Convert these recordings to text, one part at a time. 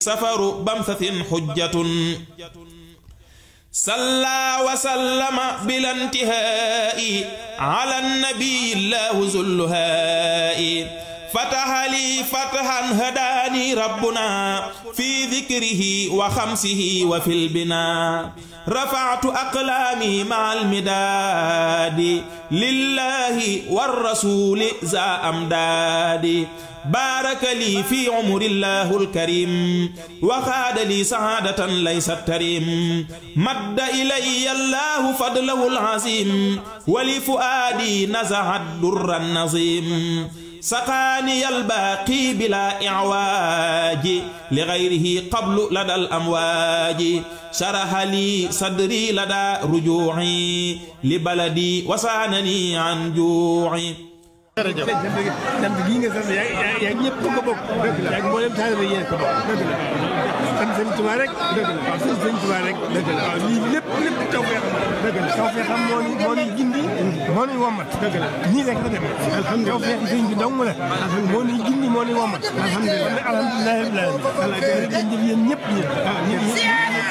safaru bamsatin xujjatun salla wa sallama bila intihaa'i ala nabiyi llahu zulluhaa'i fataha li fatahan hadaani rabbuna fi dikrihi wa xamsihi wa fil binaa rafaatu aqlaami ma almidaadi lillahi warrasuli za amdaadi baaraka lii fi umri llahu alkarim waxaada lii sahaadatan laysat tarim madda ilayya allahu fadlahu alazim wa li fuaadi nazahat durran nazim سقاني الباقي بلا إعواج لغيره قبل لدى الأمواج شرح لي صدري لدى رجوعي لبلدي وسانني عن جوعي jërëjëf sant gii nga sant yaa ngi yaa ngi ñëpp ko bokk. dëgg la yaa ngi mboolem taalibe yéen ko bokk. dëgg la sant sëñ Tuubaa rek. dëgg la waaw sant sëñ Tuubaa rek. dëgg la waaw lii lépp lépp tawfeex la. dëgg la tawfeex am moo ñu moo ñu gindi. moo ñu wommat. dëgg la nii rek la demee. alhamdulilah tawfeex sëñ bi dong la. alhamdulilah moo ñu gindi moo ñu wommat. alhamdulilah alhamdulilah. alhamdulilah jërëjëf yéen ñëpp ñëpp.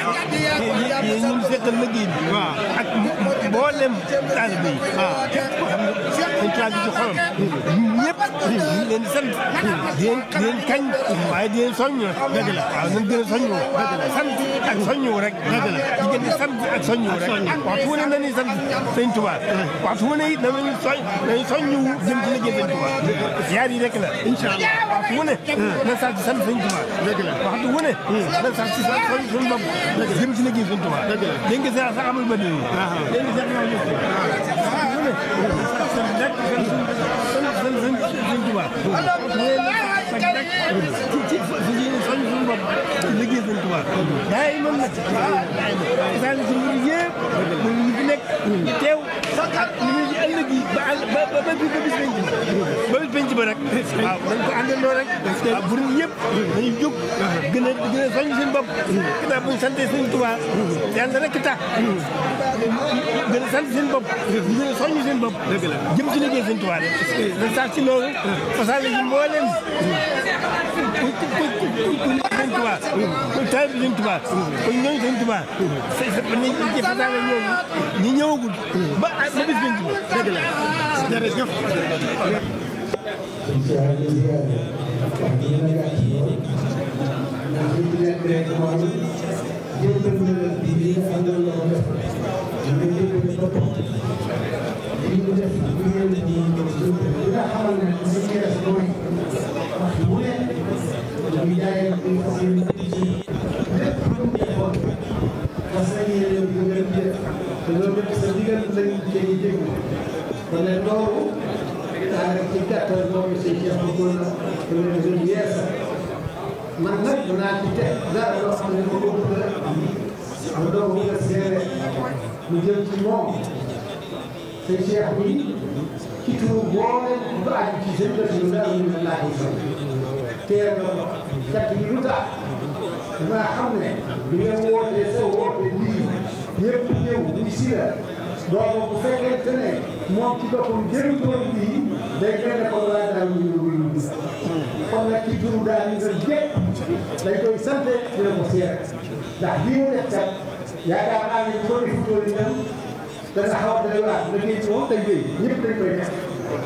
yi ñu ngi seqal liggéey bi. waaw ak mboolem taalibe yi. waaw dañ kaa ci xolam. ñëpp ñu ngi leen di sant. di leen di leen kañ. waaye di leen soññu nag. dëgg la waaw nañ gën a soññu. dëgg la sant ak soññu rek. dëgg la diggante sant ak soññu rek. waxtu wu ne na ñuy sant Sëñ Tuubaa. waxtu wu ne it danañu soñ danañu soññu jëm ci liggéey Sëñ Tuubaa. yaar yi rek la incha allah waxtu wu ne. na sant sant Sëñ Tuubaa. dëgg la waxtu wu ne. na sant sant suñu bopp. jëm si liggéey Sëñ Tuubaa dégg nga sa amul ba nii dégg nga sa amul ba nii dégg nga teew ak ñu ngi ëllëg yi ba ba ba ba bis ba bis penc ba nag waaw nañ ko àndandoo rek waaw bu ñu yëpp dañu gën a gën a soññ seen bopp ginnaaw bu ñu sante seen a yàlla rek tax gën a sant seen bopp ñu gën a soññ seen bopp jëm ci liggéey seen Tuubaa dañ sax ci loolu façale yi mbooleem sëñ Tuubaa kon taal bi sëñ Tuubaa kon ñooñu sëñ Tuubaa ñi ñëw ñëwagul. ba ah, ba bis biñ ko. dëgg la jërëjëf. jërëjëf. dégg kon nag loolu daanaka ci gàttal moom monsieur Cheikh bëggoon na pour ñu gën yeesa man nag danaa ci teg dara loo xam ne moom bëgg na mu doog a mu jëm ci moom te Cheikh bi ci turu boole ba aju ci seen dëkk yu ndaw yi ñu laaj teel na ko kat yi lu tax damaa xam ne bi nga wootee sa woote lii ñëpp ñëw ñu si la donc bu fekkee ne moom ci boppam jëriñ produit yi day a ko waa daal ñu ñu gis kon nag ci turu daal ñu gën yëpp dañ koy di la ko seet ndax lii mu def kat yaakaar naa ne ko defutoon itam dana xaw a koy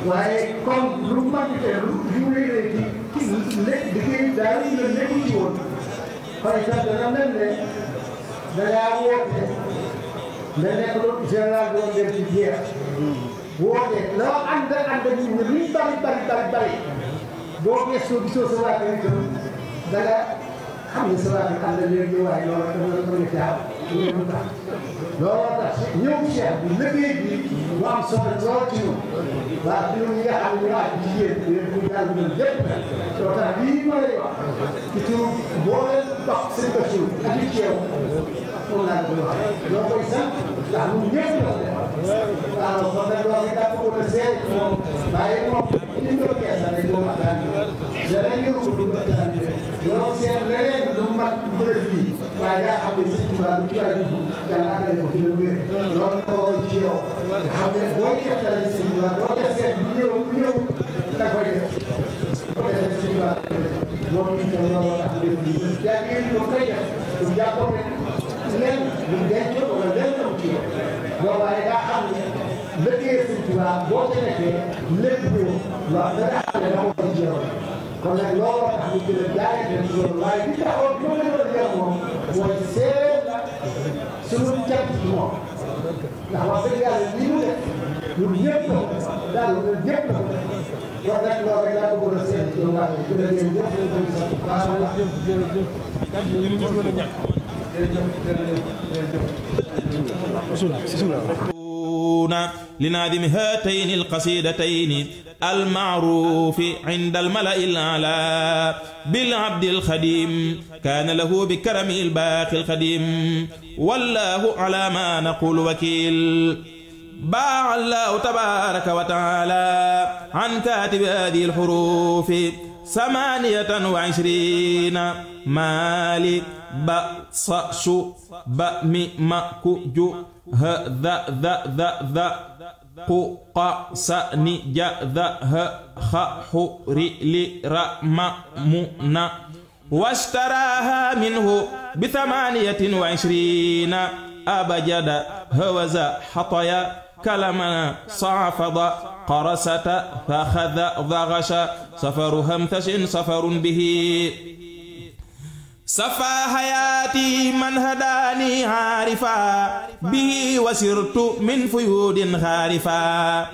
waaye comme lu mag bi teel lu mu lay ci ci liggéey daal la nekkul ci woon par exemple dana mel ne da ngaa woote na nekk doon général bi doon dem ci jeex. woote loo ànd ànd nit ñi li bari bari bari bari boo gëstoo gisoo sa waa kër itam da nga xam ne sa waa kër ànd léegi waaye loolu dafa dafa nekk looloo tax ñëw Cheikh bi liggéey bi lu am solo lool ci ñun waaw ci ñun ñi nga xam ne ñu naan jigéen ñoom ñu jàll ñun lépp loo tax lii ma lay wax ci turu boo leen dox seen bëccëg ak i ceeb moom laa koy wax ñoo koy sant ndax ñun ñëpp la waaw kon nag loolu daa ko mën a seet moom waaye moom ñu doon keesal rek moom ak daan bi danañ yëngu lu bëgg daan bi loolu seen leneen lu mat bëri fii waaye nga xam ne Sëñ Tuubaa lu Tuubaa jiitu yàlla àggale ko ci lu wér loolu ko ci yow nga xam ne boo def dara ci Sëñ Tuubaa boo def seet bu ñëw bu ñëw da koy def boo defee Sëñ Tuubaa moom ñu ko looloo tax lépp lii yaa ngi leen moom koy def du jàppoon ne lenn du denc wala lenn am ci yow boo waaye daa xam ne lëggee Sëñ Tuubaa boo ca nekkee lépp yow waaw dana xam ne da ko kon nag looloo tax ñu gën a jaay dem yoon waaye li taxoon bi ma leen doon yem moom mooy seet suñu jant ci moom ndax wax dëgg yàlla li mu def ñun ñëpp daal ñun ñëpp la ko def kon nag loolu rek laa bëggoon a seet ci yow waaye gën a leen ñëpp leen ko gis macha allah. jërëjëf jërëjëf jërëjëf almaaruufi inda almalai alaa bil abdil xadim kaana lahu bi karami albaaqil xadim wallaahu alaa maa naqulu wakiil baa'a allaahu tabaaraka wa taalaa an kaatibi haadihi alxuruufi samaaniyatan wa ishriina maali ba sa su ba mi ma ku ju ha da da da da qu qa sa ni ja dha ha xa xu ri li ra ma mu na washtaraha minhu bi thamaniyatin wa ishrina abajada hawaza hataya kalamana saafada qarasata fa khadha dhagasha safaru hamtashin safarun bihi safaa xayaati man hadaani xaarifa bihi wasirtu min fuyuudin xaarifa